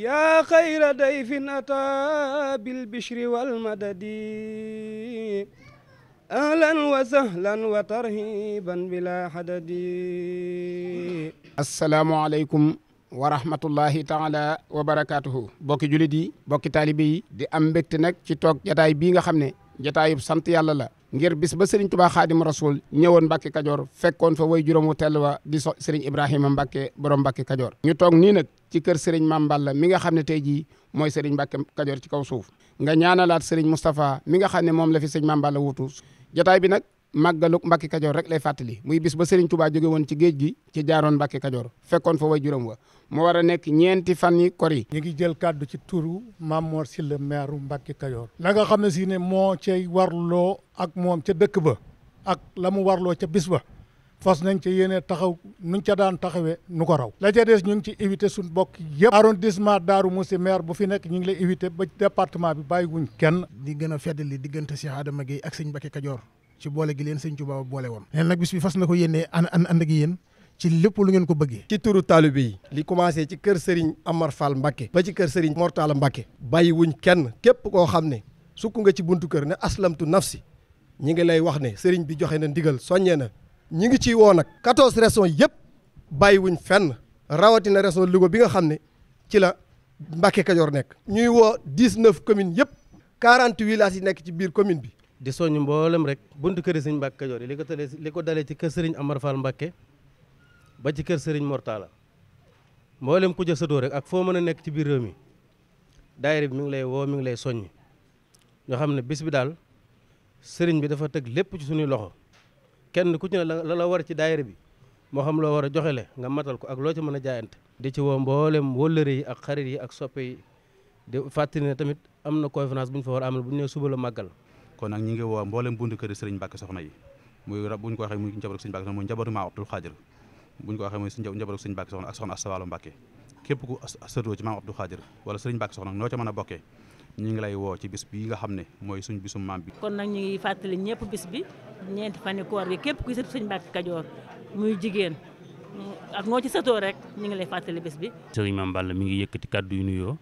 yaa xayra dayfin ataa bil bishri wal madadi ahlan wa sahlan wa tarhiban bila hadadi asalaamualeykum wa rahmatullahi taala wa barakaatuhu bokki julit yi bokki taalibe yi di am mbégte nag ci toog jataay bii nga xam ne jataayub sant yàlla la ngir bis ba sëriñ tubaa xaadim rasul ñëwoon mbàkke kajoor fekkoon fa way juróomu tell wa di so sëriñ ibrahima mbàkke borom mbàkke kajoor ñu toog nii nag ci kër sëriñ Mame mi nga xam ne tey jii mooy sëriñ mbàkke kajoor ci kaw suuf nga ñaanalaat sëriñ moustapha mi nga xam ne moom la fi sëriñ Mame Balla wutu jataay bi nag màggaluk Mbàkke Kajoor rek lay fàttali muy bis ba Serigne Touba jóge woon ci géej gi ci jaaroon Mbàkke Kajoor fekkoon fa way juróom wa mu war a nekk ñeenti fan yi kor yi ñu ngi jël kàddu ci turu Mamor Sylla maire mbakki Kajoor la nga xam ne si ne moo cay warloo ak moom ca dëkk ba ak la mu warloo ca bis ba fas nañ ca yeneen taxaw nuñ ca daan taxawee nu ko raw la ca des ñu ngi ci éviter suñ bokk yëpp arrondissement Daaru si maire bu fi nekk ñu ngi lay éviter ba département bi bàyyi kenn di gën a feddali diggante Cheikh Adama Gueye ak sëñ Mbàkke ci boole gi leen sëñ Tuubaa boole woon leen nag bis bi fas na ko yéene an an ànd ak ci lépp lu ngeen ko bëggee ci turu taalibe yi li commencé ci kër Serigne Amar Fall Mbacké ba ci kër Serigne Mor Talla Mbacké bàyyi wuñ kenn képp koo xam ne sukk nga ci buntu kër ne aslamtu si ñi ngi lay wax ne Serigne bi joxe na ndigal soññee na ñi ngi ciy woo nag quatorze régions yëpp bàyyi wuñ fenn rawatina région Louga bi nga xam ne ci la Mbacké Kajoor nekk ñuy woo dix-neuf communes yëpp quarante villages yi nekk ci biir commune bi di soññ mboolem rek buntu këri sëñ Mbàkke Kajoor yi li ko tëlee ko dalee ci kër sëriñ Amar Fall Mbàkke ba ci kër sëriñ Mortala mboolem ku ja satoo rek ak foo mën a nekk ci biir réew mi daayira bi mu ngi lay woo mi ngi lay soññ ñoo xam ne bis bi daal sëriñ bi dafa teg lépp ci suñuy loxo kenn ku ci ne la la war ci daayira bi moo xam loo war a joxe le nga matal ko ak loo ci mën a jaayant di ci woo mboolem wóllëre yi ak xarit yi ak soppe yi di fàttali tamit am na conférence bu ñu fa war a amal bu ñu suba la màggal kon nag ñi ngi woo mboolem buntu kër sëriñ Mbàkke soxna yi muy rab buñ ko waxee muy njaboot sëriñ Mbàkke soxna muy njabootu Maam Abdul Xaadir buñ ko waxee muy njaboot sëriñ Mbàkke soxna ak soxna Astawaalo Mbàkke képp ku sëtoo ci wala sëriñ Mbàkke soxna noo ca mën a bokkee ñi ngi lay woo ci bis bi nga xam ne mooy suñ bisum maam bi kon nag ñu ngi fàttali ñëpp bis bi ñeenti fani koor bi képp ku sëtu sëriñ Mbàkke Kajoor muy jigéen ak moo ci sëtoo rek ñu ngi lay fàttali bis bi sëriñ Maam Balla mi ngi yëkkati kàddu yu nuyoo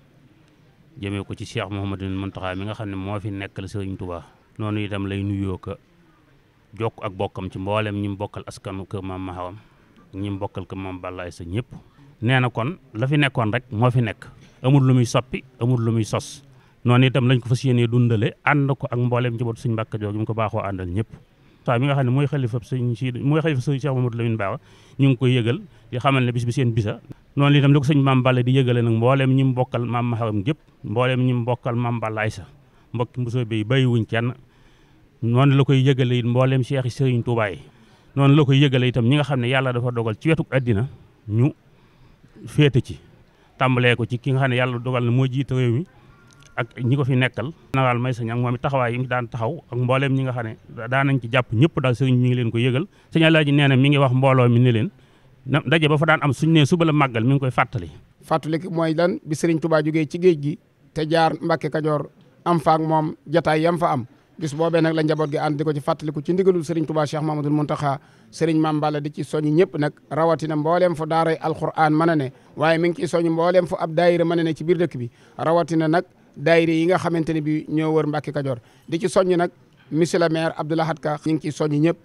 jëmee ko ci Cheikh Mouhamadou Mountakha mi nga xam ne moo fi nekkal sëriñ Touba noonu itam lay nuyoo ka jokk ak bokkam ci mboolem ñi mu bokkal askan kër maam Maxawam ñi mu bokkal kër maam Balaay sa ñëpp. nee na kon la fi nekkoon rek moo fi nekk amul lu muy soppi amul lu muy sos noonu itam lañ ko fas yéenee dundale ànd ko ak mboolem njaboot suñ mbàkk jooju mu ko baaxoo àndal ñëpp. saa mi nga xam ne mooy xalifa sëñ si mooy xalifa sëñ Cheikh Mamadou Lamine Baawa ñu ngi koy yëgal di xamal ne bis bi seen bisa noonu itam li ko sëñ maam Balla di yëgale nag mboolem ñi mu bokkal maam Maxawam gépp mboolem ñi mu bokkal maam Balla Aysa mbokki Mbusoobe yi bàyyiwuñ kenn noonu la koy yëgale it mbooleem Cheikh Sëriñ Tuubaa yi noonu la koy yëgale itam ñi nga xam ne yàlla dafa dogal ci wetuk àddina ñu féete ci tàmbalee ko ci ki nga xam ne yàlla dogal na moo jiite réew mi ak ñi ko fi nekkal nawaal may sañ ak moom it taxawaay yi daan taxaw ak mbooleem ñi nga xam ne daanañ ci jàpp ñëpp daal sëriñ mi ngi leen ko yëgal sëñ Alaaji nee na mi ngi wax mbooloo mi ne leen ndaje ba fa daan am suñ nee suba la màggal mi ngi koy fàttali am faak moom jataay yam fa am bis boobee nag la njaboot gi ànd di ko ci fàttaliku ci ndigalul Serigne Touba Cheikh Mamadou Mountakha Serigne Mame Balla di ci soñu ñëpp nag rawatina mbooleem fu daaray alquran mën a ne waaye mi ngi ciy soñu mbooleem fu ab daayira ma a ne ci biir dëkk bi rawatina nag daayira yi nga xamante ne bi ñoo wër Mbàkke Kajoor di ci soññ nag monsieur le maire Abdou Lahad Ka ñi ngi ciy soñu ñëpp